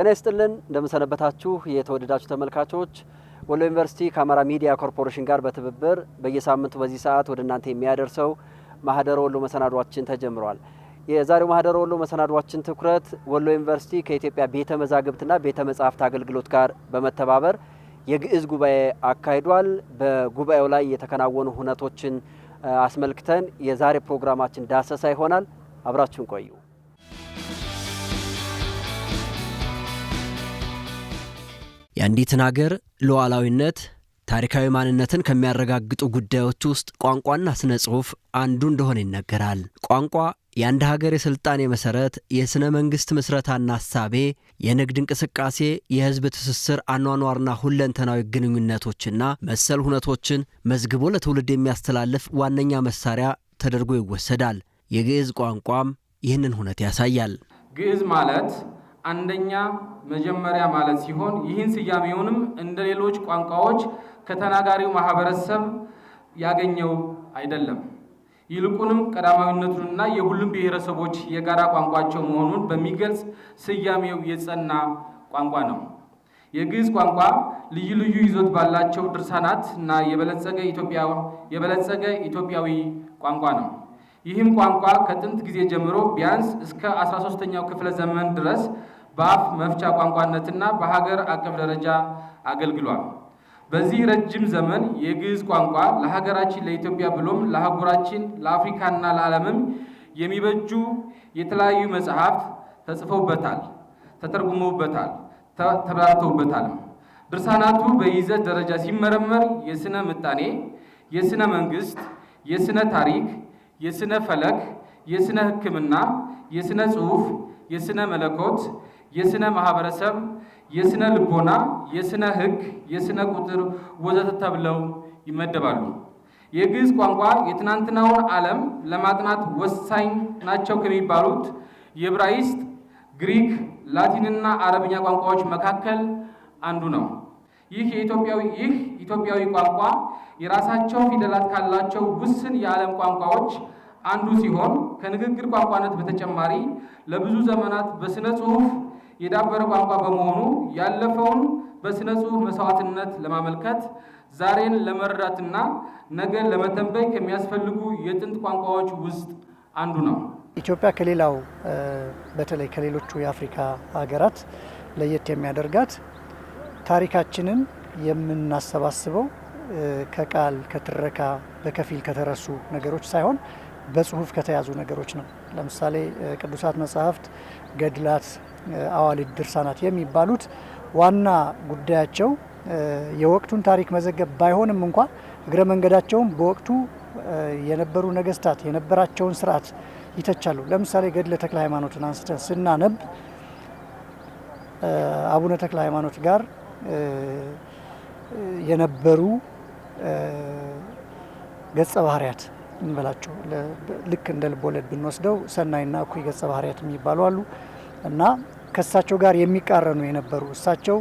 ጤና ይስጥልን እንደምንሰነበታችሁ የተወደዳችሁ ተመልካቾች ወሎ ዩኒቨርሲቲ ከአማራ ሚዲያ ኮርፖሬሽን ጋር በትብብር በየሳምንቱ በዚህ ሰዓት ወደ እናንተ የሚያደርሰው ማህደረ ወሎ መሰናዷችን ተጀምሯል። የዛሬው ማህደረ ወሎ መሰናዷችን ትኩረት ወሎ ዩኒቨርሲቲ ከኢትዮጵያ ቤተ መዛግብትና ቤተ መጻሕፍት አገልግሎት ጋር በመተባበር የግዕዝ ጉባኤ አካሂዷል። በጉባኤው ላይ የተከናወኑ ሁነቶችን አስመልክተን የዛሬ ፕሮግራማችን ዳሰሳ ይሆናል። አብራችሁን ቆዩ። የአንዲትን ሀገር ሉዓላዊነት ታሪካዊ ማንነትን ከሚያረጋግጡ ጉዳዮች ውስጥ ቋንቋና ስነ ጽሁፍ አንዱ እንደሆነ ይነገራል። ቋንቋ የአንድ ሀገር የሥልጣኔ መሠረት፣ የሥነ መንግሥት ምስረታና እሳቤ፣ የንግድ እንቅስቃሴ፣ የሕዝብ ትስስር፣ አኗኗርና ሁለንተናዊ ግንኙነቶችና መሰል ሁነቶችን መዝግቦ ለትውልድ የሚያስተላልፍ ዋነኛ መሳሪያ ተደርጎ ይወሰዳል። የግዕዝ ቋንቋም ይህንን ሁነት ያሳያል። ግዕዝ ማለት አንደኛ መጀመሪያ ማለት ሲሆን ይህን ስያሜውንም እንደ ሌሎች ቋንቋዎች ከተናጋሪው ማህበረሰብ ያገኘው አይደለም። ይልቁንም ቀዳማዊነቱንና የሁሉም ብሔረሰቦች የጋራ ቋንቋቸው መሆኑን በሚገልጽ ስያሜው የጸና ቋንቋ ነው። የግዕዝ ቋንቋ ልዩ ልዩ ይዞት ባላቸው ድርሳናት እና የበለጸገ ኢትዮጵያዊ ቋንቋ ነው። ይህም ቋንቋ ከጥንት ጊዜ ጀምሮ ቢያንስ እስከ 13ኛው ክፍለ ዘመን ድረስ በአፍ መፍቻ ቋንቋነትና በሀገር አቀፍ ደረጃ አገልግሏል። በዚህ ረጅም ዘመን የግዕዝ ቋንቋ ለሀገራችን ለኢትዮጵያ ብሎም ለአህጉራችን ለአፍሪካና ለዓለምም የሚበጁ የተለያዩ መጽሐፍት ተጽፈውበታል፣ ተተርጉመውበታል፣ ተብራርተውበታል። ድርሳናቱ በይዘት ደረጃ ሲመረመር የስነ ምጣኔ፣ የስነ መንግስት፣ የስነ ታሪክ፣ የስነ ፈለክ፣ የስነ ሕክምና፣ የስነ ጽሑፍ፣ የስነ መለኮት የስነ ማህበረሰብ፣ የስነ ልቦና፣ የስነ ህግ፣ የስነ ቁጥር ወዘተ ተብለው ይመደባሉ። የግዕዝ ቋንቋ የትናንትናውን ዓለም ለማጥናት ወሳኝ ናቸው ከሚባሉት የዕብራይስጥ፣ ግሪክ፣ ላቲንና አረብኛ ቋንቋዎች መካከል አንዱ ነው። ይህ የኢትዮጵያዊ ይህ ኢትዮጵያዊ ቋንቋ የራሳቸው ፊደላት ካላቸው ውስን የዓለም ቋንቋዎች አንዱ ሲሆን ከንግግር ቋንቋነት በተጨማሪ ለብዙ ዘመናት በስነ ጽሑፍ የዳበረ ቋንቋ በመሆኑ ያለፈውን በስነ ጽሁፍ መስዋዕትነት ለማመልከት ዛሬን ለመረዳትና ነገን ለመተንበይ ከሚያስፈልጉ የጥንት ቋንቋዎች ውስጥ አንዱ ነው። ኢትዮጵያ ከሌላው በተለይ ከሌሎቹ የአፍሪካ ሀገራት ለየት የሚያደርጋት ታሪካችንን የምናሰባስበው ከቃል ከትረካ፣ በከፊል ከተረሱ ነገሮች ሳይሆን በጽሁፍ ከተያዙ ነገሮች ነው። ለምሳሌ ቅዱሳት መጻሕፍት ገድላት፣ አዋልድ፣ ድርሳናት የሚባሉት ዋና ጉዳያቸው የወቅቱን ታሪክ መዘገብ ባይሆንም እንኳ እግረ መንገዳቸውም በወቅቱ የነበሩ ነገስታት የነበራቸውን ስርዓት ይተቻሉ። ለምሳሌ ገድለ ተክለ ሃይማኖትን አንስተን ስናነብ አቡነ ተክለ ሃይማኖት ጋር የነበሩ ገጸ ባህርያት እንበላቸው ልክ እንደ ልቦለድ ብንወስደው ሰናይና እኩይ ገጸ ባህርያት የሚባሉ አሉ እና ከእሳቸው ጋር የሚቃረኑ የነበሩ እሳቸው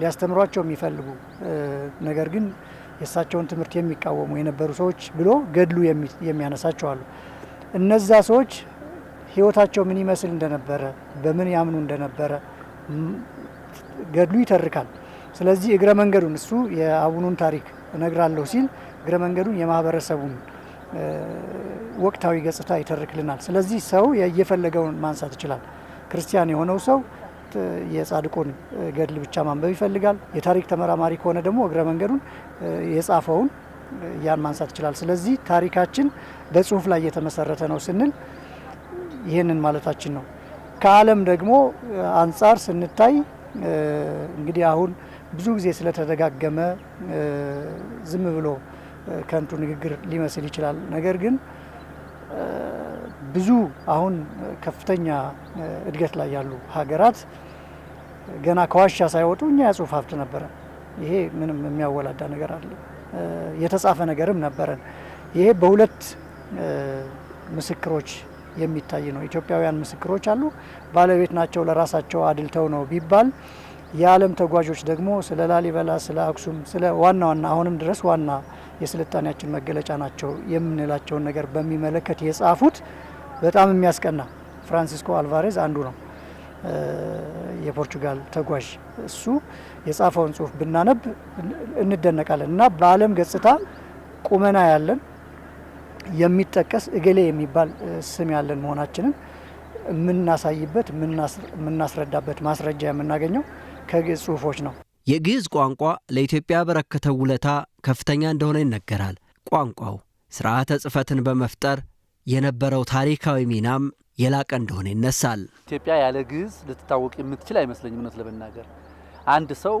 ሊያስተምሯቸው የሚፈልጉ ነገር ግን የእሳቸውን ትምህርት የሚቃወሙ የነበሩ ሰዎች ብሎ ገድሉ የሚያነሳቸው አሉ። እነዛ ሰዎች ህይወታቸው ምን ይመስል እንደነበረ በምን ያምኑ እንደነበረ ገድሉ ይተርካል። ስለዚህ እግረ መንገዱን እሱ የአቡኑን ታሪክ እነግራለሁ ሲል እግረ መንገዱን የማህበረሰቡን ወቅታዊ ገጽታ ይተርክልናል። ስለዚህ ሰው የፈለገውን ማንሳት ይችላል። ክርስቲያን የሆነው ሰው የጻድቁን ገድል ብቻ ማንበብ ይፈልጋል። የታሪክ ተመራማሪ ከሆነ ደግሞ እግረ መንገዱን የጻፈውን ያን ማንሳት ይችላል። ስለዚህ ታሪካችን በጽሁፍ ላይ የተመሰረተ ነው ስንል ይህንን ማለታችን ነው። ከዓለም ደግሞ አንጻር ስንታይ እንግዲህ አሁን ብዙ ጊዜ ስለተደጋገመ ዝም ብሎ ከንቱ ንግግር ሊመስል ይችላል። ነገር ግን ብዙ አሁን ከፍተኛ እድገት ላይ ያሉ ሀገራት ገና ከዋሻ ሳይወጡ እኛ የጽሁፍ ሀብት ነበረን። ይሄ ምንም የሚያወላዳ ነገር አለ የተጻፈ ነገርም ነበረን። ይሄ በሁለት ምስክሮች የሚታይ ነው። ኢትዮጵያውያን ምስክሮች አሉ። ባለቤት ናቸው፣ ለራሳቸው አድልተው ነው ቢባል የዓለም ተጓዦች ደግሞ ስለ ላሊበላ፣ ስለ አክሱም፣ ስለ ዋና ዋና አሁንም ድረስ ዋና የስልጣኔያችን መገለጫ ናቸው የምንላቸውን ነገር በሚመለከት የጻፉት በጣም የሚያስቀና ፍራንሲስኮ አልቫሬዝ አንዱ ነው። የፖርቹጋል ተጓዥ እሱ የጻፈውን ጽሁፍ ብናነብ እንደነቃለን እና በዓለም ገጽታ ቁመና ያለን የሚጠቀስ እገሌ የሚባል ስም ያለን መሆናችንን የምናሳይበት የምናስረዳበት ማስረጃ የምናገኘው ከግዕዝ ጽሑፎች ነው። የግዕዝ ቋንቋ ለኢትዮጵያ በረከተ ውለታ ከፍተኛ እንደሆነ ይነገራል። ቋንቋው ስርዓተ ጽፈትን በመፍጠር የነበረው ታሪካዊ ሚናም የላቀ እንደሆነ ይነሳል። ኢትዮጵያ ያለ ግዕዝ ልትታወቅ የምትችል አይመስለኝም። እውነት ለመናገር አንድ ሰው፣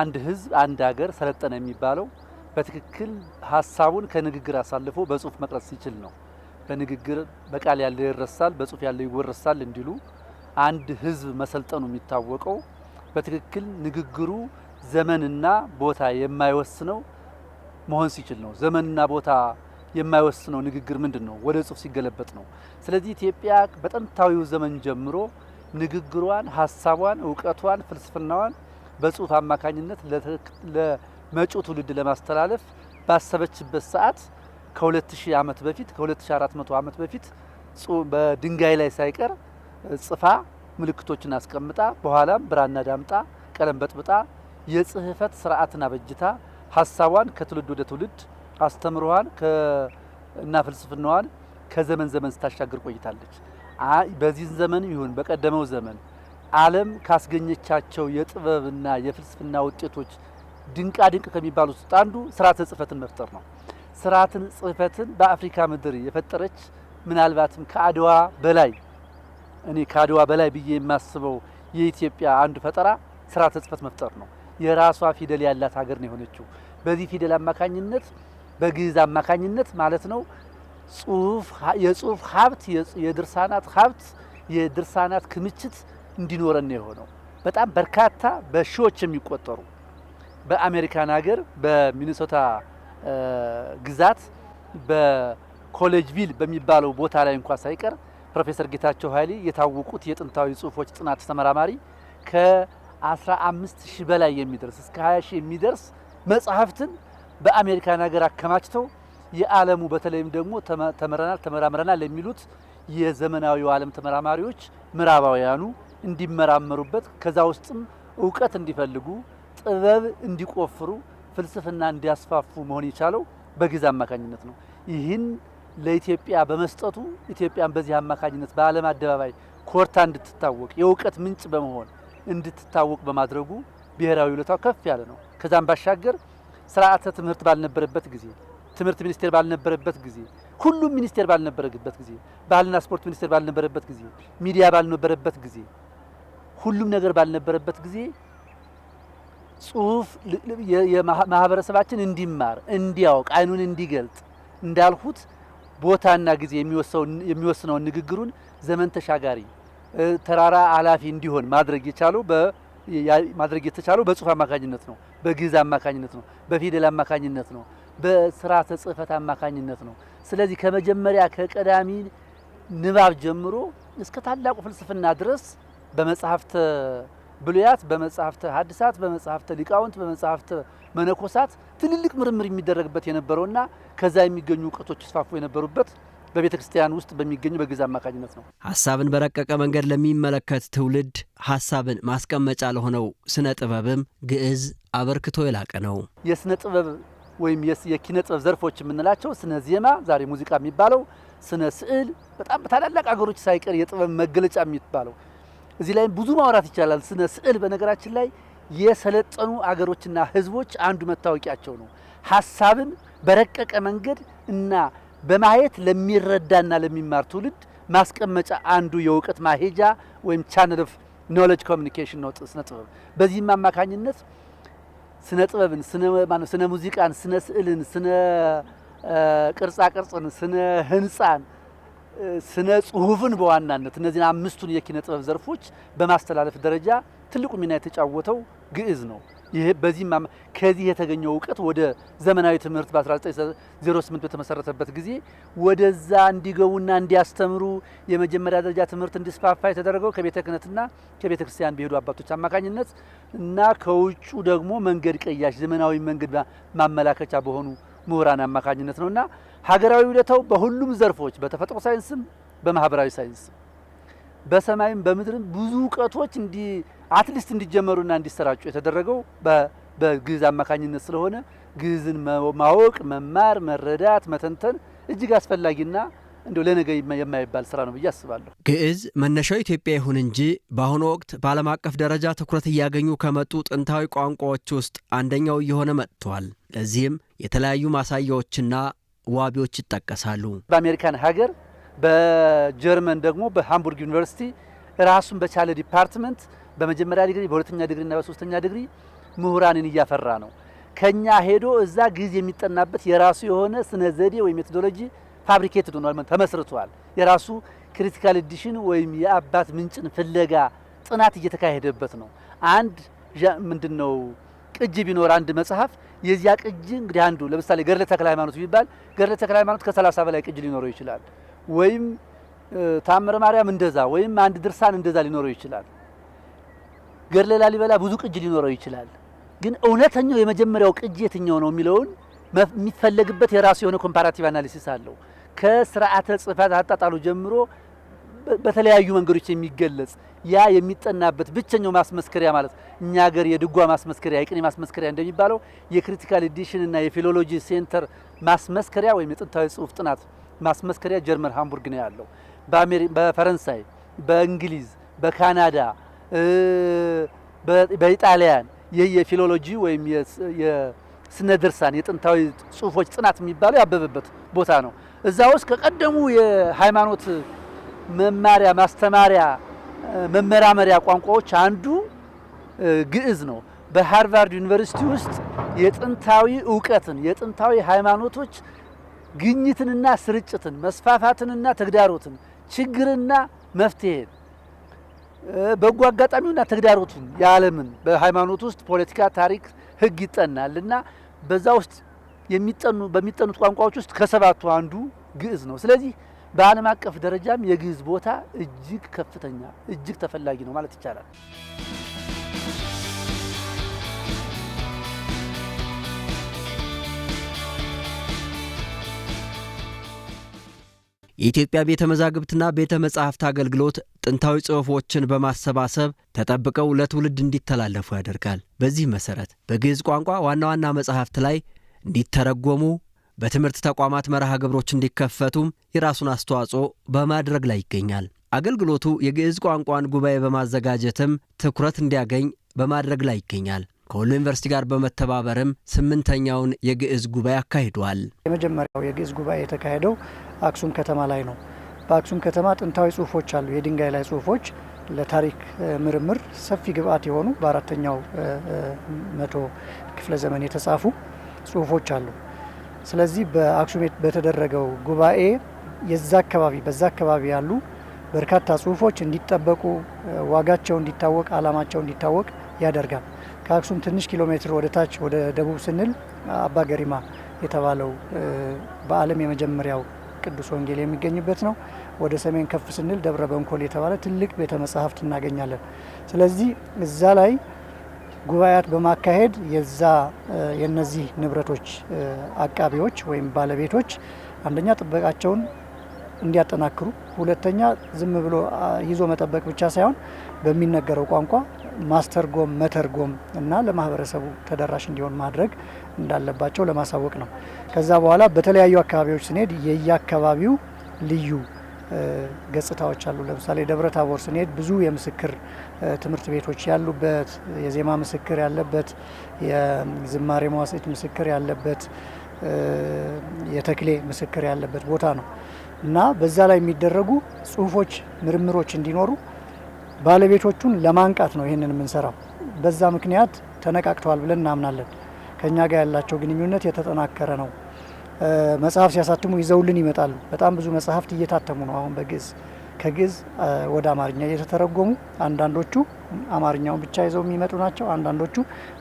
አንድ ህዝብ፣ አንድ ሀገር ሰለጠነ የሚባለው በትክክል ሀሳቡን ከንግግር አሳልፎ በጽሁፍ መቅረጽ ሲችል ነው። በንግግር በቃል ያለው ይረሳል፣ በጽሁፍ ያለው ይወረሳል እንዲሉ አንድ ህዝብ መሰልጠኑ የሚታወቀው በትክክል ንግግሩ ዘመንና ቦታ የማይወስነው መሆን ሲችል ነው። ዘመንና ቦታ የማይወስነው ንግግር ምንድን ነው? ወደ ጽሁፍ ሲገለበጥ ነው። ስለዚህ ኢትዮጵያ በጥንታዊው ዘመን ጀምሮ ንግግሯን፣ ሀሳቧን፣ እውቀቷን፣ ፍልስፍናዋን በጽሁፍ አማካኝነት ለመጪው ትውልድ ለማስተላለፍ ባሰበችበት ሰዓት ከ2000 ዓመት በፊት ከ2400 ዓመት በፊት በድንጋይ ላይ ሳይቀር ጽፋ ምልክቶችን አስቀምጣ በኋላም ብራና ዳምጣ ቀለም በጥብጣ የጽህፈት ስርዓትን አበጅታ ሀሳቧን ከትውልድ ወደ ትውልድ አስተምሮዋን እና ፍልስፍናዋን ከዘመን ዘመን ስታሻገር ቆይታለች። በዚህ ዘመን ይሁን በቀደመው ዘመን ዓለም ካስገኘቻቸው የጥበብና የፍልስፍና ውጤቶች ድንቃ ድንቅ ከሚባሉ ውስጥ አንዱ ስርዓተ ጽህፈትን መፍጠር ነው። ስርዓትን ጽህፈትን በአፍሪካ ምድር የፈጠረች ምናልባትም ከአድዋ በላይ እኔ ከአድዋ በላይ ብዬ የማስበው የኢትዮጵያ አንዱ ፈጠራ ስርዓተ ጽሕፈት መፍጠር ነው። የራሷ ፊደል ያላት ሀገር ነው የሆነችው። በዚህ ፊደል አማካኝነት በግዕዝ አማካኝነት ማለት ነው ጽሁፍ የጽሁፍ ሀብት የድርሳናት ሀብት የድርሳናት ክምችት እንዲኖረን ነው የሆነው። በጣም በርካታ በሺዎች የሚቆጠሩ በአሜሪካን ሀገር በሚኒሶታ ግዛት በኮሌጅቪል በሚባለው ቦታ ላይ እንኳ ሳይቀር ፕሮፌሰር ጌታቸው ኃይሌ የታወቁት የጥንታዊ ጽሁፎች ጥናት ተመራማሪ ከ15 ሺህ በላይ የሚደርስ እስከ 20 ሺህ የሚደርስ መጽሐፍትን በአሜሪካን ሀገር አከማችተው የዓለሙ በተለይም ደግሞ ተምረናል ተመራምረናል የሚሉት የዘመናዊው ዓለም ተመራማሪዎች ምዕራባውያኑ እንዲመራመሩበት ከዛ ውስጥም እውቀት እንዲፈልጉ ጥበብ እንዲቆፍሩ ፍልስፍና እንዲያስፋፉ መሆን የቻለው በግዛ አማካኝነት ነው። ይህን ለኢትዮጵያ በመስጠቱ ኢትዮጵያን በዚህ አማካኝነት በዓለም አደባባይ ኮርታ እንድትታወቅ የእውቀት ምንጭ በመሆን እንድትታወቅ በማድረጉ ብሔራዊ ውለታው ከፍ ያለ ነው። ከዛም ባሻገር ስርዓተ ትምህርት ባልነበረበት ጊዜ፣ ትምህርት ሚኒስቴር ባልነበረበት ጊዜ፣ ሁሉም ሚኒስቴር ባልነበረበት ጊዜ፣ ባህልና ስፖርት ሚኒስቴር ባልነበረበት ጊዜ፣ ሚዲያ ባልነበረበት ጊዜ፣ ሁሉም ነገር ባልነበረበት ጊዜ ጽሁፍ ማህበረሰባችን እንዲማር እንዲያውቅ አይኑን እንዲገልጥ እንዳልሁት ቦታና ጊዜ የሚወስነውን ንግግሩን ዘመን ተሻጋሪ ተራራ አላፊ እንዲሆን ማድረግ የቻለው ማድረግ የተቻለው በጽሁፍ አማካኝነት ነው፣ በግዕዝ አማካኝነት ነው፣ በፊደል አማካኝነት ነው፣ በስርዓተ ጽሕፈት አማካኝነት ነው። ስለዚህ ከመጀመሪያ ከቀዳሚ ንባብ ጀምሮ እስከ ታላቁ ፍልስፍና ድረስ በመጽሐፍተ ብሉያት፣ በመጽሐፍተ ሐዲሳት፣ በመጽሐፍተ ሊቃውንት፣ በመጽሐፍተ መነኮሳት ትልልቅ ምርምር የሚደረግበት የነበረውና ከዛ የሚገኙ እውቀቶች ይስፋፉ የነበሩበት በቤተ ክርስቲያን ውስጥ በሚገኙ በግዛ አማካኝነት ነው። ሀሳብን በረቀቀ መንገድ ለሚመለከት ትውልድ ሀሳብን ማስቀመጫ ለሆነው ስነ ጥበብም ግዕዝ አበርክቶ የላቀ ነው። የስነ ጥበብ ወይም የኪነ ጥበብ ዘርፎች የምንላቸው ስነ ዜማ፣ ዛሬ ሙዚቃ የሚባለው ስነ ስዕል፣ በጣም በታላላቅ ሀገሮች ሳይቀር የጥበብ መገለጫ የሚባለው እዚህ ላይ ብዙ ማውራት ይቻላል። ስነ ስዕል በነገራችን ላይ የሰለጠኑ አገሮችና ህዝቦች አንዱ መታወቂያቸው ነው። ሀሳብን በረቀቀ መንገድ እና በማየት ለሚረዳና ለሚማር ትውልድ ማስቀመጫ አንዱ የእውቀት ማሄጃ ወይም ቻነል ኦፍ ኖሌጅ ኮሚኒኬሽን ነው ስነ ጥበብ። በዚህም አማካኝነት ስነ ጥበብን፣ ስነ ሙዚቃን፣ ስነ ስዕልን፣ ስነ ቅርጻ ቅርጽን፣ ስነ ህንፃን፣ ስነ ጽሁፍን በዋናነት እነዚህን አምስቱን የኪነ ጥበብ ዘርፎች በማስተላለፍ ደረጃ ትልቁ ሚና የተጫወተው ግዕዝ ነው። ይሄ በዚህ ከዚህ የተገኘው እውቀት ወደ ዘመናዊ ትምህርት በ1908 በተመሰረተበት ጊዜ ወደዛ እንዲገቡና እንዲያስተምሩ የመጀመሪያ ደረጃ ትምህርት እንዲስፋፋ የተደረገው ከቤተ ክህነትና ከቤተ ክርስቲያን በሄዱ አባቶች አማካኝነት እና ከውጩ ደግሞ መንገድ ቀያሽ ዘመናዊ መንገድ ማመላከቻ በሆኑ ምሁራን አማካኝነት ነው እና ሀገራዊ ውለታው በሁሉም ዘርፎች በተፈጥሮ ሳይንስም በማህበራዊ ሳይንስም በሰማይም በምድርም ብዙ እውቀቶች እንዲ አትሊስት እንዲጀመሩና እንዲሰራጩ የተደረገው በግዕዝ አማካኝነት ስለሆነ ግዕዝን ማወቅ፣ መማር፣ መረዳት፣ መተንተን እጅግ አስፈላጊና እንዲ ለነገ የማይባል ስራ ነው ብዬ አስባለሁ። ግዕዝ መነሻው ኢትዮጵያ ይሁን እንጂ በአሁኑ ወቅት በዓለም አቀፍ ደረጃ ትኩረት እያገኙ ከመጡ ጥንታዊ ቋንቋዎች ውስጥ አንደኛው እየሆነ መጥቷል። ለዚህም የተለያዩ ማሳያዎችና ዋቢዎች ይጠቀሳሉ። በአሜሪካን ሀገር በጀርመን ደግሞ በሃምቡርግ ዩኒቨርሲቲ ራሱን በቻለ ዲፓርትመንት በመጀመሪያ ዲግሪ፣ በሁለተኛ ዲግሪ እና በሶስተኛ ዲግሪ ምሁራንን እያፈራ ነው። ከኛ ሄዶ እዛ ጊዜ የሚጠናበት የራሱ የሆነ ስነ ዘዴ ወይም ሜቶዶሎጂ ፋብሪኬትድ ሆኗል፣ ተመስርቷል። የራሱ ክሪቲካል ኤዲሽን ወይም የአባት ምንጭን ፍለጋ ጥናት እየተካሄደበት ነው። አንድ ምንድን ነው ቅጅ ቢኖር አንድ መጽሐፍ የዚያ ቅጅ እንግዲህ አንዱ ለምሳሌ ገድለ ተክለ ሃይማኖት ቢባል ገድለ ተክለ ሃይማኖት ከ30 በላይ ቅጅ ሊኖረው ይችላል። ወይም ታምረ ማርያም እንደዛ ወይም አንድ ድርሳን እንደዛ ሊኖረው ይችላል። ገድለ ላሊበላ ብዙ ቅጅ ሊኖረው ይችላል። ግን እውነተኛው የመጀመሪያው ቅጅ የትኛው ነው የሚለውን የሚፈለግበት የራሱ የሆነ ኮምፓራቲቭ አናሊሲስ አለው። ከስርዓተ ጽፋት አጣጣሉ ጀምሮ በተለያዩ መንገዶች የሚገለጽ ያ የሚጠናበት ብቸኛው ማስመስከሪያ ማለት እኛ ሀገር የድጓ ማስመስከሪያ የቅኔ ማስመስከሪያ እንደሚባለው የክሪቲካል ኤዲሽን እና የፊሎሎጂ ሴንተር ማስመስከሪያ ወይም የጥንታዊ ጽሑፍ ጥናት ማስመስከሪያ ጀርመን ሃምቡርግ ነው ያለው። በፈረንሳይ፣ በእንግሊዝ፣ በካናዳ፣ በኢጣሊያን ይህ የፊሎሎጂ ወይም የስነ ድርሳን የጥንታዊ ጽሁፎች ጥናት የሚባለው ያበበበት ቦታ ነው። እዛ ውስጥ ከቀደሙ የሃይማኖት መማሪያ ማስተማሪያ መመራመሪያ ቋንቋዎች አንዱ ግዕዝ ነው። በሃርቫርድ ዩኒቨርሲቲ ውስጥ የጥንታዊ እውቀትን የጥንታዊ ሃይማኖቶች ግኝትንና ስርጭትን፣ መስፋፋትንና ተግዳሮትን፣ ችግርና መፍትሄን፣ በጎ አጋጣሚውና ተግዳሮቱን የዓለምን በሃይማኖት ውስጥ ፖለቲካ፣ ታሪክ፣ ህግ ይጠናል እና በዛ ውስጥ የሚጠኑ በሚጠኑት ቋንቋዎች ውስጥ ከሰባቱ አንዱ ግዕዝ ነው። ስለዚህ በዓለም አቀፍ ደረጃም የግዕዝ ቦታ እጅግ ከፍተኛ እጅግ ተፈላጊ ነው ማለት ይቻላል። የኢትዮጵያ ቤተ መዛግብትና ቤተ መጻሕፍት አገልግሎት ጥንታዊ ጽሑፎችን በማሰባሰብ ተጠብቀው ለትውልድ እንዲተላለፉ ያደርጋል። በዚህ መሠረት በግዕዝ ቋንቋ ዋና ዋና መጻሕፍት ላይ እንዲተረጎሙ፣ በትምህርት ተቋማት መርሃ ግብሮች እንዲከፈቱም የራሱን አስተዋጽኦ በማድረግ ላይ ይገኛል። አገልግሎቱ የግዕዝ ቋንቋን ጉባኤ በማዘጋጀትም ትኩረት እንዲያገኝ በማድረግ ላይ ይገኛል። ከሁሉ ዩኒቨርሲቲ ጋር በመተባበርም ስምንተኛውን የግዕዝ ጉባኤ አካሂዷል። የመጀመሪያው የግዕዝ ጉባኤ የተካሄደው አክሱም ከተማ ላይ ነው። በአክሱም ከተማ ጥንታዊ ጽሁፎች አሉ። የድንጋይ ላይ ጽሁፎች ለታሪክ ምርምር ሰፊ ግብአት የሆኑ በአራተኛው መቶ ክፍለ ዘመን የተጻፉ ጽሁፎች አሉ። ስለዚህ በአክሱም በተደረገው ጉባኤ የዛ አካባቢ በዛ አካባቢ ያሉ በርካታ ጽሁፎች እንዲጠበቁ ዋጋቸው እንዲታወቅ አላማቸው እንዲታወቅ ያደርጋል። ከአክሱም ትንሽ ኪሎ ሜትር ወደ ታች ወደ ደቡብ ስንል አባ ገሪማ የተባለው በዓለም የመጀመሪያው ቅዱስ ወንጌል የሚገኝበት ነው። ወደ ሰሜን ከፍ ስንል ደብረ በንኮል የተባለ ትልቅ ቤተ መጻሕፍት እናገኛለን። ስለዚህ እዛ ላይ ጉባኤያት በማካሄድ የዛ የነዚህ ንብረቶች አቃቢዎች ወይም ባለቤቶች አንደኛ ጥበቃቸውን እንዲያጠናክሩ፣ ሁለተኛ ዝም ብሎ ይዞ መጠበቅ ብቻ ሳይሆን በሚነገረው ቋንቋ ማስተርጎም፣ መተርጎም እና ለማህበረሰቡ ተደራሽ እንዲሆን ማድረግ እንዳለባቸው ለማሳወቅ ነው። ከዛ በኋላ በተለያዩ አካባቢዎች ስንሄድ የየአካባቢው ልዩ ገጽታዎች አሉ። ለምሳሌ ደብረ ታቦር ስንሄድ ብዙ የምስክር ትምህርት ቤቶች ያሉበት፣ የዜማ ምስክር ያለበት፣ የዝማሬ መዋሥዕት ምስክር ያለበት፣ የተክሌ ምስክር ያለበት ቦታ ነው እና በዛ ላይ የሚደረጉ ጽሁፎች፣ ምርምሮች እንዲኖሩ ባለቤቶቹን ለማንቃት ነው ይህንን የምንሰራው። በዛ ምክንያት ተነቃቅተዋል ብለን እናምናለን። ከእኛ ጋር ያላቸው ግንኙነት የተጠናከረ ነው። መጽሐፍ ሲያሳትሙ ይዘውልን ይመጣሉ። በጣም ብዙ መጽሐፍት እየታተሙ ነው አሁን በግዕዝ ከግዕዝ ወደ አማርኛ እየተተረጎሙ አንዳንዶቹ አማርኛውን ብቻ ይዘው የሚመጡ ናቸው። አንዳንዶቹ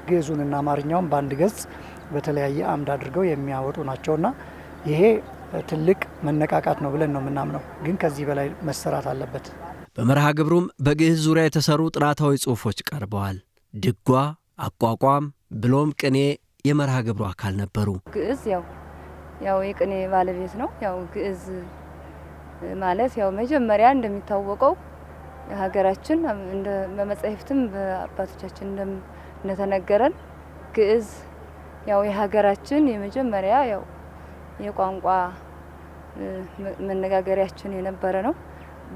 ግዕዙንና አማርኛውን በአንድ ገጽ በተለያየ አምድ አድርገው የሚያወጡ ናቸው እና ይሄ ትልቅ መነቃቃት ነው ብለን ነው የምናምነው። ግን ከዚህ በላይ መሰራት አለበት። በመርሃ ግብሩም በግዕዝ ዙሪያ የተሰሩ ጥናታዊ ጽሑፎች ቀርበዋል። ድጓ፣ አቋቋም ብሎም ቅኔ የመርሃ ግብሩ አካል ነበሩ። ግዕዝ ያው ያው የቅኔ ባለቤት ነው። ያው ግዕዝ ማለት ያው መጀመሪያ እንደሚታወቀው ሀገራችን በመጻሕፍትም በአባቶቻችን እንደተነገረን ግዕዝ ያው የሀገራችን የመጀመሪያ ያው የቋንቋ መነጋገሪያችን የነበረ ነው።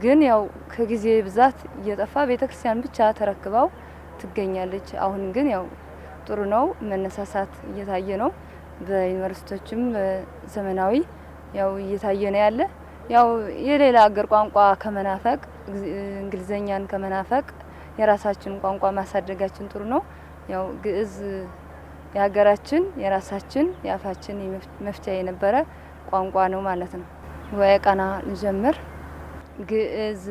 ግን ያው ከጊዜ ብዛት እየጠፋ ቤተክርስቲያን ብቻ ተረክባው ትገኛለች። አሁን ግን ያው ጥሩ ነው። መነሳሳት እየታየ ነው። በዩኒቨርሲቲዎችም ዘመናዊ ያው እየታየ ነው ያለ ያው የሌላ ሀገር ቋንቋ ከመናፈቅ እንግሊዘኛን ከመናፈቅ የራሳችን ቋንቋ ማሳደጋችን ጥሩ ነው። ያው ግዕዝ የሀገራችን የራሳችን የአፋችን መፍቻ የነበረ ቋንቋ ነው ማለት ነው። ጉባኤ ቃና ልጀምር። ግዕዝ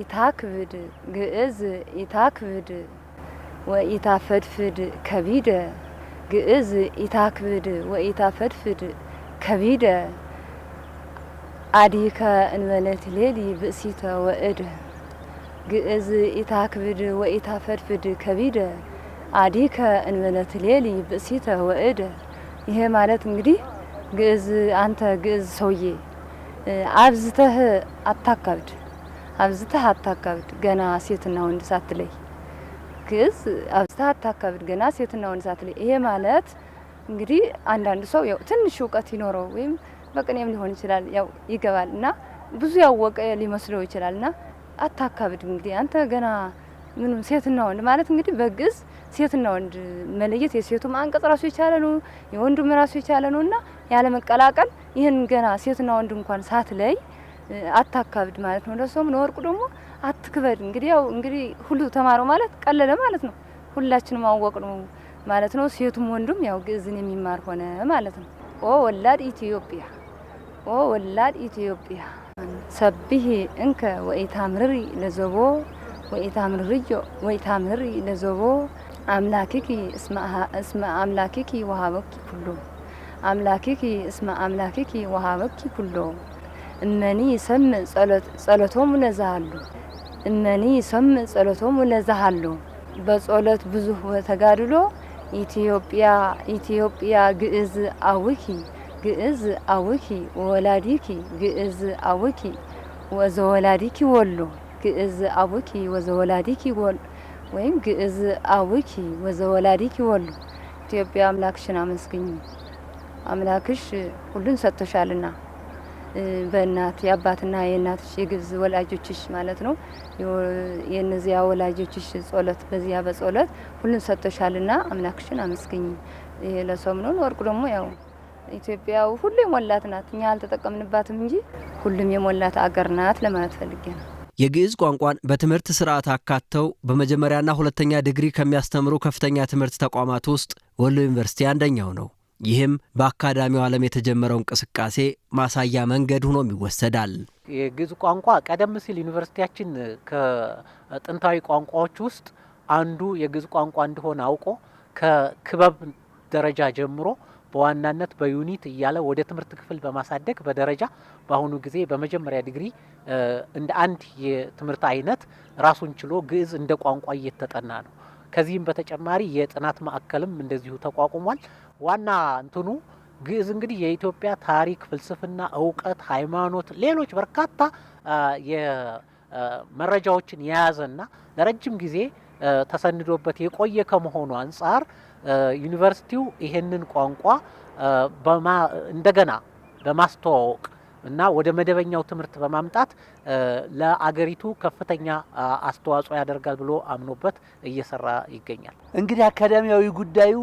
ኢታክብድ፣ ግዕዝ ኢታክብድ ወኢታፈድፍድ ከቢደ ግዕዝ ኢታክብድ ወኢታፈድፍድ ከቢደ አዲከ እንበለት ሌሊ ብእሲተ ወእድ ግእዝ ኢታክብድ ወኢታፈድፍድ ከቢደ አዲከ እንበለት ሌሊ ብእሲተ ወእድ። ይሄ ማለት እንግዲህ ግእዝ አንተ ግዕዝ ሰውዬ አብዝተህ አታካብድ፣ አብዝተህ አታካብድ ገና ሴትና ወንድ ሳትለይ ክስ አብዝታ አታካብድ፣ ገና ሴትና ወንድ ላይ ይሄ ማለት እንግዲህ አንዳንድ ሰው ያው ትንሽ እውቀት ይኖረው ወይም በቅኔም ሊሆን ይችላል ያው ይገባል እና ብዙ ያወቀ ሊመስለው ይችላል እና አታካብድ እንግዲህ አንተ ገና ምንም ሴትና ወንድ ማለት እንግዲህ በግዕዝ ሴትና ወንድ መለየት የሴቱም አንቀጽ ራሱ የቻለ ነው፣ የወንዱም ራሱ የቻለ ነው እና ያለ መቀላቀል ይህን ገና ሴትና ወንድ እንኳን ሳትለይ አታካብድ ማለት ነው። ለሰውም ለወርቁ ደግሞ አትክበድ። እንግዲህ ያው እንግዲህ ሁሉ ተማረው ማለት ቀለለ ማለት ነው። ሁላችንም አወቅ ነው ማለት ነው። ሴቱም ወንዱም ያው ግዕዝን የሚማር ሆነ ማለት ነው። ኦ ወላድ ኢትዮጵያ፣ ኦ ወላድ ኢትዮጵያ ሰብህ እንከ ወኢታምርሪ ለዘቦ ወኢታምርርዮ ወኢታምርሪ ለዘቦ አምላኪኪ እስመ አምላኪኪ ወሃበኪ ኩሎ አምላኪኪ እስመ አምላኪኪ ወሃበኪ ኩሎ እመኒ ሰምዕ ጸሎቶም ነዛሉ እመኒ ይሰም ጸሎቶም ለዛሃሉ በጸሎት ብዙህ ተጋድሎ ኢትዮጵያ ኢትዮጵያ ግእዝ አውኪ ግእዝ አውኪ ወላዲኪ ግእዝ አውኪ ወዘ ወላዲኪ ወሎ ግእዝ አውኪ ወዘ ወላዲኪ ወሎ ወይም ግእዝ አውኪ ወዘ ወላዲኪ ወሎ ኢትዮጵያ አምላክሽን አመስግኝ አምላክሽ ሁሉን ሰጥቶሻልና በእናት የአባትና የእናትሽ የግብዝ ወላጆችሽ ማለት ነው። የእነዚያ ወላጆችሽ ጸሎት በዚያ በጸሎት ሁሉም ሰጥቶሻልና አምላክሽን አመስግኝ። ይሄ ወርቅ ወርቁ ደግሞ ያው ኢትዮጵያ ሁሉ የሞላት ናት። እኛ አልተጠቀምንባትም እንጂ ሁሉም የሞላት አገር ናት ለማለት ፈልጌ ነው። የግዕዝ ቋንቋን በትምህርት ስርዓት አካተው በመጀመሪያና ሁለተኛ ዲግሪ ከሚያስተምሩ ከፍተኛ ትምህርት ተቋማት ውስጥ ወሎ ዩኒቨርሲቲ አንደኛው ነው። ይህም በአካዳሚው ዓለም የተጀመረው እንቅስቃሴ ማሳያ መንገድ ሆኖም ይወሰዳል። የግዕዝ ቋንቋ ቀደም ሲል ዩኒቨርሲቲያችን ከጥንታዊ ቋንቋዎች ውስጥ አንዱ የግዕዝ ቋንቋ እንደሆነ አውቆ ከክበብ ደረጃ ጀምሮ በዋናነት በዩኒት እያለ ወደ ትምህርት ክፍል በማሳደግ በደረጃ በአሁኑ ጊዜ በመጀመሪያ ዲግሪ እንደ አንድ የትምህርት አይነት ራሱን ችሎ ግዕዝ እንደ ቋንቋ እየተጠና ነው። ከዚህም በተጨማሪ የጥናት ማዕከልም እንደዚሁ ተቋቁሟል። ዋና እንትኑ ግዕዝ እንግዲህ የኢትዮጵያ ታሪክ፣ ፍልስፍና፣ እውቀት፣ ሃይማኖት፣ ሌሎች በርካታ መረጃዎችን የያዘና ለረጅም ጊዜ ተሰንዶበት የቆየ ከመሆኑ አንጻር ዩኒቨርሲቲው ይሄንን ቋንቋ እንደገና በማስተዋወቅ እና ወደ መደበኛው ትምህርት በማምጣት ለአገሪቱ ከፍተኛ አስተዋጽኦ ያደርጋል ብሎ አምኖበት እየሰራ ይገኛል። እንግዲህ አካዳሚያዊ ጉዳዩ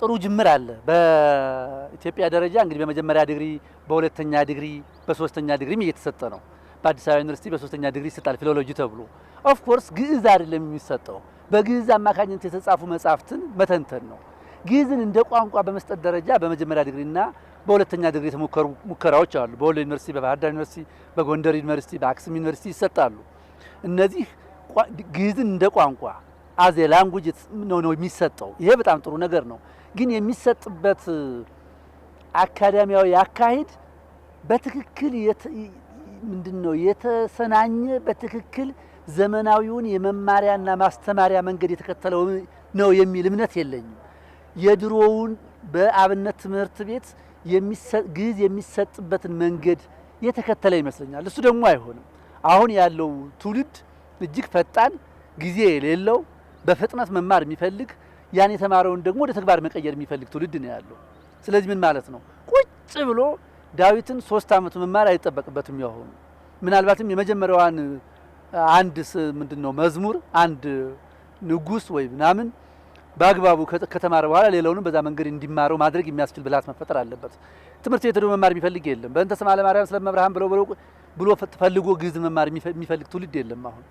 ጥሩ ጅምር አለ። በኢትዮጵያ ደረጃ እንግዲህ በመጀመሪያ ዲግሪ፣ በሁለተኛ ዲግሪ፣ በሶስተኛ ዲግሪም እየተሰጠ ነው። በአዲስ አበባ ዩኒቨርሲቲ በሶስተኛ ዲግሪ ይሰጣል ፊሎሎጂ ተብሎ። ኦፍኮርስ ግዕዝ አይደለም የሚሰጠው፣ በግዕዝ አማካኝነት የተጻፉ መጽሐፍትን መተንተን ነው። ግዕዝን እንደ ቋንቋ በመስጠት ደረጃ በመጀመሪያ ዲግሪና በሁለተኛ ዲግሪ የተሞከሩ ሙከራዎች አሉ። በወሎ ዩኒቨርሲቲ፣ በባህር ዳር ዩኒቨርሲቲ፣ በጎንደር ዩኒቨርሲቲ፣ በአክሱም ዩኒቨርሲቲ ይሰጣሉ። እነዚህ ግዕዝን እንደ ቋንቋ አዜ ላንጉጅ ነው ነው የሚሰጠው። ይሄ በጣም ጥሩ ነገር ነው። ግን የሚሰጥበት አካዳሚያዊ አካሄድ በትክክል ምንድን ነው የተሰናኘ በትክክል ዘመናዊውን የመማሪያና ማስተማሪያ መንገድ የተከተለው ነው የሚል እምነት የለኝም። የድሮውን በአብነት ትምህርት ቤት ግዕዝ የሚሰጥበትን መንገድ የተከተለ ይመስለኛል። እሱ ደግሞ አይሆንም። አሁን ያለው ትውልድ እጅግ ፈጣን፣ ጊዜ የሌለው፣ በፍጥነት መማር የሚፈልግ ያን የተማረውን ደግሞ ወደ ተግባር መቀየር የሚፈልግ ትውልድ ነው ያለው። ስለዚህ ምን ማለት ነው? ቁጭ ብሎ ዳዊትን ሶስት ዓመቱ መማር አይጠበቅበትም። ያሆኑ ምናልባትም የመጀመሪያዋን አንድ ምንድን ነው መዝሙር አንድ ንጉስ ወይ ምናምን በአግባቡ ከተማረ በኋላ ሌላውንም በዛ መንገድ እንዲማረው ማድረግ የሚያስችል ብልሃት መፈጠር አለበት። ትምህርት ቤት ሄዶ መማር የሚፈልግ የለም። በእንተ ስማ ለማርያም ስለ መብርሃን ብለው ብለው ብሎ ፈልጎ ግዕዝ መማር የሚፈልግ ትውልድ የለም። አሁን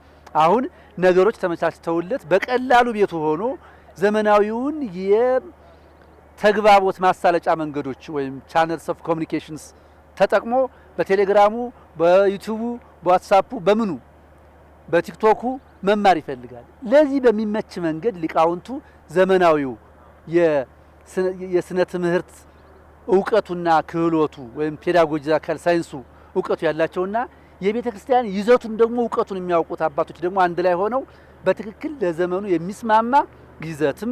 አሁን ነገሮች ተመቻችተውለት በቀላሉ ቤቱ ሆኖ ዘመናዊውን የተግባቦት ማሳለጫ መንገዶች ወይም ቻነልስ ኦፍ ኮሚኒኬሽንስ ተጠቅሞ በቴሌግራሙ፣ በዩቱቡ፣ በዋትሳፑ፣ በምኑ በቲክቶኩ መማር ይፈልጋል። ለዚህ በሚመች መንገድ ሊቃውንቱ ዘመናዊው የስነ ትምህርት እውቀቱና ክህሎቱ ወይም ፔዳጎጂካል ሳይንሱ እውቀቱ ያላቸውና የቤተ ክርስቲያን ይዘቱን ደግሞ እውቀቱን የሚያውቁት አባቶች ደግሞ አንድ ላይ ሆነው በትክክል ለዘመኑ የሚስማማ ይዘትም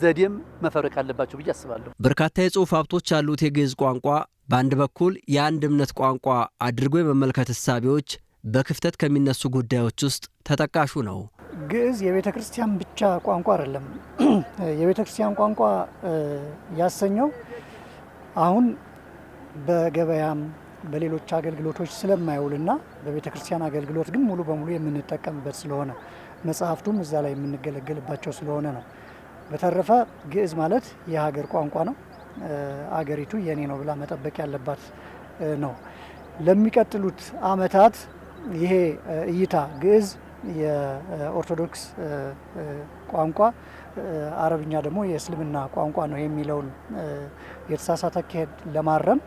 ዘዴም መፈረቅ አለባቸው ብዬ አስባለሁ። በርካታ የጽሁፍ ሀብቶች ያሉት የግዕዝ ቋንቋ በአንድ በኩል የአንድ እምነት ቋንቋ አድርጎ የመመልከት እሳቤዎች በክፍተት ከሚነሱ ጉዳዮች ውስጥ ተጠቃሹ ነው። ግዕዝ የቤተ ክርስቲያን ብቻ ቋንቋ አይደለም። የቤተ ክርስቲያን ቋንቋ ያሰኘው አሁን በገበያም በሌሎች አገልግሎቶች ስለማይውልና በቤተ ክርስቲያን አገልግሎት ግን ሙሉ በሙሉ የምንጠቀምበት ስለሆነ መጽሐፍቱም እዛ ላይ የምንገለገልባቸው ስለሆነ ነው። በተረፈ ግዕዝ ማለት የሀገር ቋንቋ ነው። አገሪቱ የኔ ነው ብላ መጠበቅ ያለባት ነው። ለሚቀጥሉት ዓመታት ይሄ እይታ ግዕዝ የኦርቶዶክስ ቋንቋ አረብኛ ደግሞ የእስልምና ቋንቋ ነው የሚለውን የተሳሳተ አካሄድ ለማረም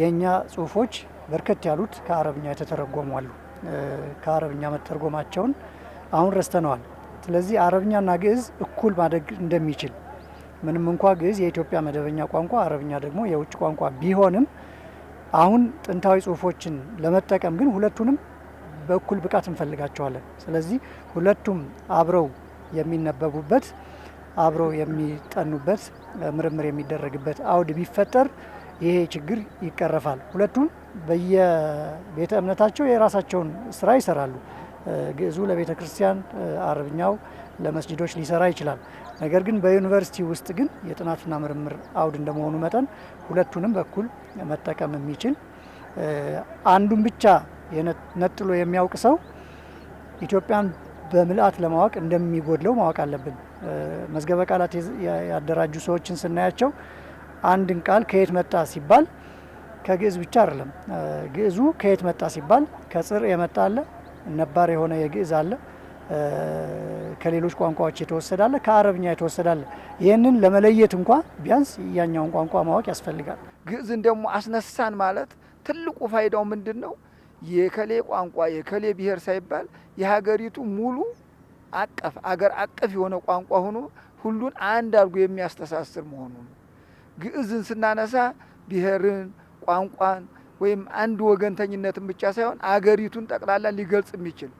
የእኛ ጽሁፎች በርከት ያሉት ከአረብኛ የተተረጎሙ አሉ። ከአረብኛ መተርጎማቸውን አሁን ረስተነዋል። ስለዚህ አረብኛና ግዕዝ እኩል ማደግ እንደሚችል ምንም እንኳ ግዕዝ የኢትዮጵያ መደበኛ ቋንቋ፣ አረብኛ ደግሞ የውጭ ቋንቋ ቢሆንም አሁን ጥንታዊ ጽሁፎችን ለመጠቀም ግን ሁለቱንም በእኩል ብቃት እንፈልጋቸዋለን። ስለዚህ ሁለቱም አብረው የሚነበቡበት አብረው የሚጠኑበት ምርምር የሚደረግበት አውድ ቢፈጠር ይሄ ችግር ይቀረፋል። ሁለቱም በየቤተ እምነታቸው የራሳቸውን ስራ ይሰራሉ። ግዕዙ ለቤተ ክርስቲያን፣ አረብኛው ለመስጅዶች ሊሰራ ይችላል። ነገር ግን በዩኒቨርሲቲ ውስጥ ግን የጥናትና ምርምር አውድ እንደመሆኑ መጠን ሁለቱንም በኩል መጠቀም የሚችል አንዱን ብቻ ነጥሎ የሚያውቅ ሰው ኢትዮጵያን በምልአት ለማወቅ እንደሚጎድለው ማወቅ አለብን። መዝገበ ቃላት ያደራጁ ሰዎችን ስናያቸው አንድን ቃል ከየት መጣ ሲባል ከግዕዝ ብቻ አይደለም። ግዕዙ ከየት መጣ ሲባል ከጽር የመጣ አለ፣ ነባር የሆነ የግዕዝ አለ ከሌሎች ቋንቋዎች የተወሰዳለ፣ ከአረብኛ የተወሰዳለ። ይህንን ለመለየት እንኳ ቢያንስ እያኛውን ቋንቋ ማወቅ ያስፈልጋል። ግዕዝን ደግሞ አስነሳን ማለት ትልቁ ፋይዳው ምንድን ነው? የከሌ ቋንቋ የከሌ ብሔር ሳይባል የሀገሪቱ ሙሉ አቀፍ አገር አቀፍ የሆነ ቋንቋ ሆኖ ሁሉን አንድ አድርጎ የሚያስተሳስር መሆኑ ነው። ግዕዝን ስናነሳ ብሔርን፣ ቋንቋን ወይም አንድ ወገንተኝነትን ብቻ ሳይሆን አገሪቱን ጠቅላላ ሊገልጽ የሚችል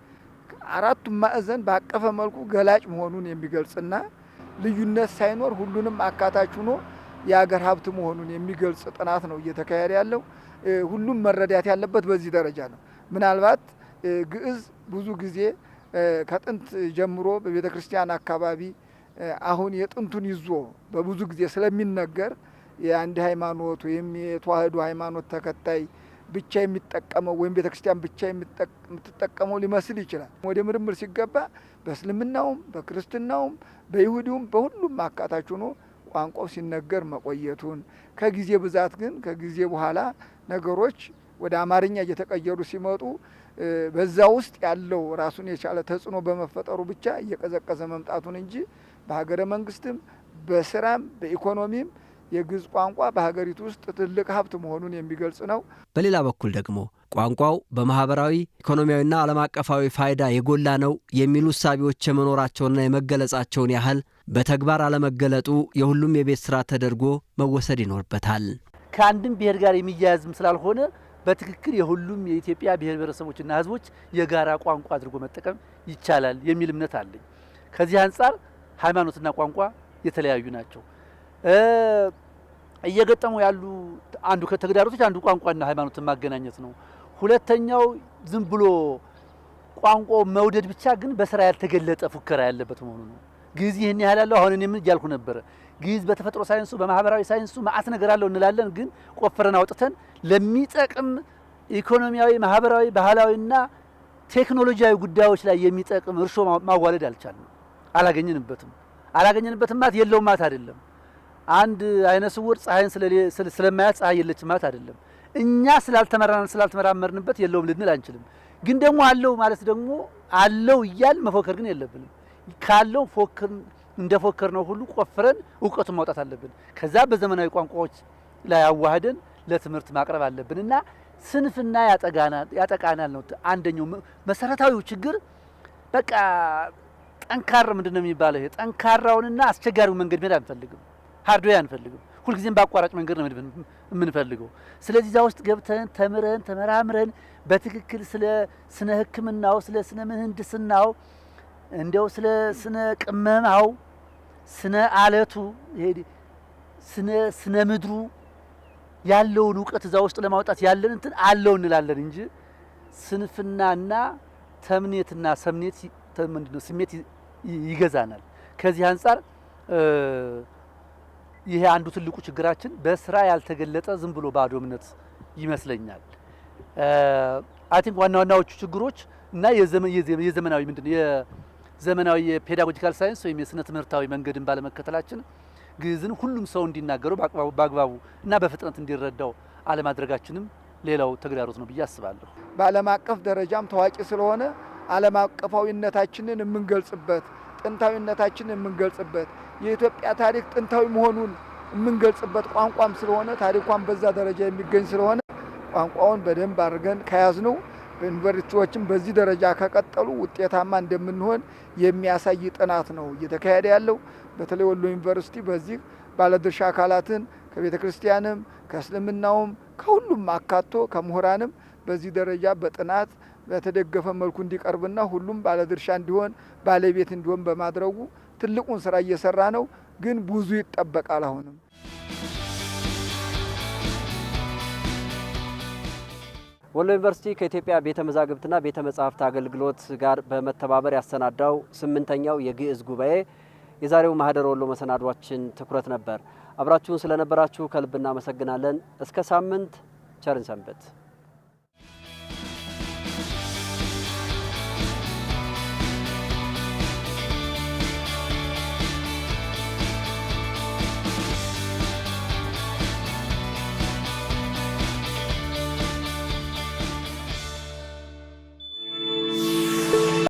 አራቱ ማዕዘን ባቀፈ መልኩ ገላጭ መሆኑን የሚገልጽና ልዩነት ሳይኖር ሁሉንም አካታች ሆኖ የአገር ሀብት መሆኑን የሚገልጽ ጥናት ነው እየተካሄደ ያለው። ሁሉም መረዳት ያለበት በዚህ ደረጃ ነው። ምናልባት ግዕዝ ብዙ ጊዜ ከጥንት ጀምሮ በቤተ ክርስቲያን አካባቢ አሁን የጥንቱን ይዞ በብዙ ጊዜ ስለሚነገር የአንድ ሃይማኖት ወይም የተዋህዶ ሃይማኖት ተከታይ ብቻ የሚጠቀመው ወይም ቤተ ክርስቲያን ብቻ የምትጠቀመው ሊመስል ይችላል። ወደ ምርምር ሲገባ በእስልምናውም፣ በክርስትናውም፣ በይሁዲውም በሁሉም አካታች ሆኖ ቋንቋው ሲነገር መቆየቱን ከጊዜ ብዛት ግን ከጊዜ በኋላ ነገሮች ወደ አማርኛ እየተቀየሩ ሲመጡ በዛ ውስጥ ያለው ራሱን የቻለ ተጽዕኖ በመፈጠሩ ብቻ እየቀዘቀዘ መምጣቱን እንጂ በሀገረ መንግስትም በስራም በኢኮኖሚም የግዕዝ ቋንቋ በሀገሪቱ ውስጥ ትልቅ ሀብት መሆኑን የሚገልጽ ነው። በሌላ በኩል ደግሞ ቋንቋው በማህበራዊ ኢኮኖሚያዊና ዓለም አቀፋዊ ፋይዳ የጎላ ነው የሚሉ ሳቢዎች የመኖራቸውና የመገለጻቸውን ያህል በተግባር አለመገለጡ የሁሉም የቤት ስራ ተደርጎ መወሰድ ይኖርበታል። ከአንድም ብሔር ጋር የሚያያዝም ስላልሆነ በትክክል የሁሉም የኢትዮጵያ ብሔር ብሔረሰቦችና ህዝቦች የጋራ ቋንቋ አድርጎ መጠቀም ይቻላል የሚል እምነት አለኝ። ከዚህ አንጻር ሃይማኖትና ቋንቋ የተለያዩ ናቸው። እየገጠሙ ያሉ አንዱ ከተግዳሮቶች አንዱ ቋንቋና ሃይማኖትን ማገናኘት ነው። ሁለተኛው ዝም ብሎ ቋንቋው መውደድ ብቻ ግን በስራ ያልተገለጠ ፉከራ ያለበት መሆኑ ነው። ግዕዝ ይህን ያህል አለው አሁን እኔም እያልኩ ነበረ። ግዕዝ በተፈጥሮ ሳይንሱ በማህበራዊ ሳይንሱ መዓት ነገር አለው እንላለን። ግን ቆፍረን አውጥተን ለሚጠቅም ኢኮኖሚያዊ፣ ማህበራዊ፣ ባህላዊና ቴክኖሎጂያዊ ጉዳዮች ላይ የሚጠቅም እርሾ ማዋለድ አልቻልንም። አላገኘንበትም። አላገኘንበትም ማለት የለውም ማለት አይደለም። አንድ አይነ ስውር ፀሐይን ስለማያት ፀሐይ የለችም ማለት አይደለም። እኛ ስላልተመራን ስላልተመራመርንበት የለውም ልንል አንችልም። ግን ደግሞ አለው ማለት ደግሞ አለው እያል መፎከር ግን የለብንም። ካለው ፎክር እንደፎከር ነው ሁሉ ቆፍረን እውቀቱን ማውጣት አለብን። ከዛ በዘመናዊ ቋንቋዎች ላይ አዋህደን ለትምህርት ማቅረብ አለብን እና ስንፍና ያጠቃናል ነው አንደኛው መሰረታዊው ችግር። በቃ ጠንካራ ምንድን ነው የሚባለው? ይሄ ጠንካራውንና አስቸጋሪው መንገድ መሄድ አንፈልግም። ሀርድዌር አንፈልግም። ሁልጊዜም በአቋራጭ መንገድ ነው የምንፈልገው። ስለዚህ እዛ ውስጥ ገብተን ተምረን ተመራምረን በትክክል ስለ ስነ ሕክምናው ስለ ስነ ምህንድስናው እንደው ስለ ስነ ቅመማው ስነ አለቱ ስነ ስነ ምድሩ ያለውን እውቀት እዛ ውስጥ ለማውጣት ያለን እንትን አለው እንላለን እንጂ ስንፍናና ተምኔትና ሰምኔት ምንድነው ስሜት ይገዛናል። ከዚህ አንጻር ይሄ አንዱ ትልቁ ችግራችን በስራ ያልተገለጠ ዝም ብሎ ባዶምነት ይመስለኛል። አይ ቲንክ ዋና ዋናዎቹ ችግሮች እና የዘመናዊ ምንድን ነው የዘመናዊ የፔዳጎጂካል ሳይንስ ወይም የስነ ትምህርታዊ መንገድን ባለመከተላችን ግዕዝን ሁሉም ሰው እንዲናገረው በአግባቡ እና በፍጥነት እንዲረዳው አለማድረጋችንም ሌላው ተግዳሮት ነው ብዬ አስባለሁ። በዓለም አቀፍ ደረጃም ታዋቂ ስለሆነ ዓለም አቀፋዊነታችንን የምንገልጽበት ጥንታዊነታችንን የምንገልጽበት የኢትዮጵያ ታሪክ ጥንታዊ መሆኑን የምንገልጽበት ቋንቋም ስለሆነ ታሪኳን በዛ ደረጃ የሚገኝ ስለሆነ ቋንቋውን በደንብ አድርገን ከያዝነው በዩኒቨርሲቲዎችም በዚህ ደረጃ ከቀጠሉ ውጤታማ እንደምንሆን የሚያሳይ ጥናት ነው እየተካሄደ ያለው። በተለይ ወሎ ዩኒቨርሲቲ በዚህ ባለድርሻ አካላትን ከቤተ ክርስቲያንም ከእስልምናውም ከሁሉም አካቶ ከምሁራንም በዚህ ደረጃ በጥናት በተደገፈ መልኩ እንዲቀርብና ሁሉም ባለድርሻ እንዲሆን ባለቤት እንዲሆን በማድረጉ ትልቁን ስራ እየሰራ ነው። ግን ብዙ ይጠበቃል አሁንም ወሎ ዩኒቨርሲቲ ከኢትዮጵያ ቤተ መዛግብትና ቤተ መጻሕፍት አገልግሎት ጋር በመተባበር ያሰናዳው ስምንተኛው የግዕዝ ጉባኤ የዛሬው ማህደር ወሎ መሰናዷችን ትኩረት ነበር። አብራችሁን ስለነበራችሁ ከልብ እናመሰግናለን። እስከ ሳምንት ቸርን ሰንበት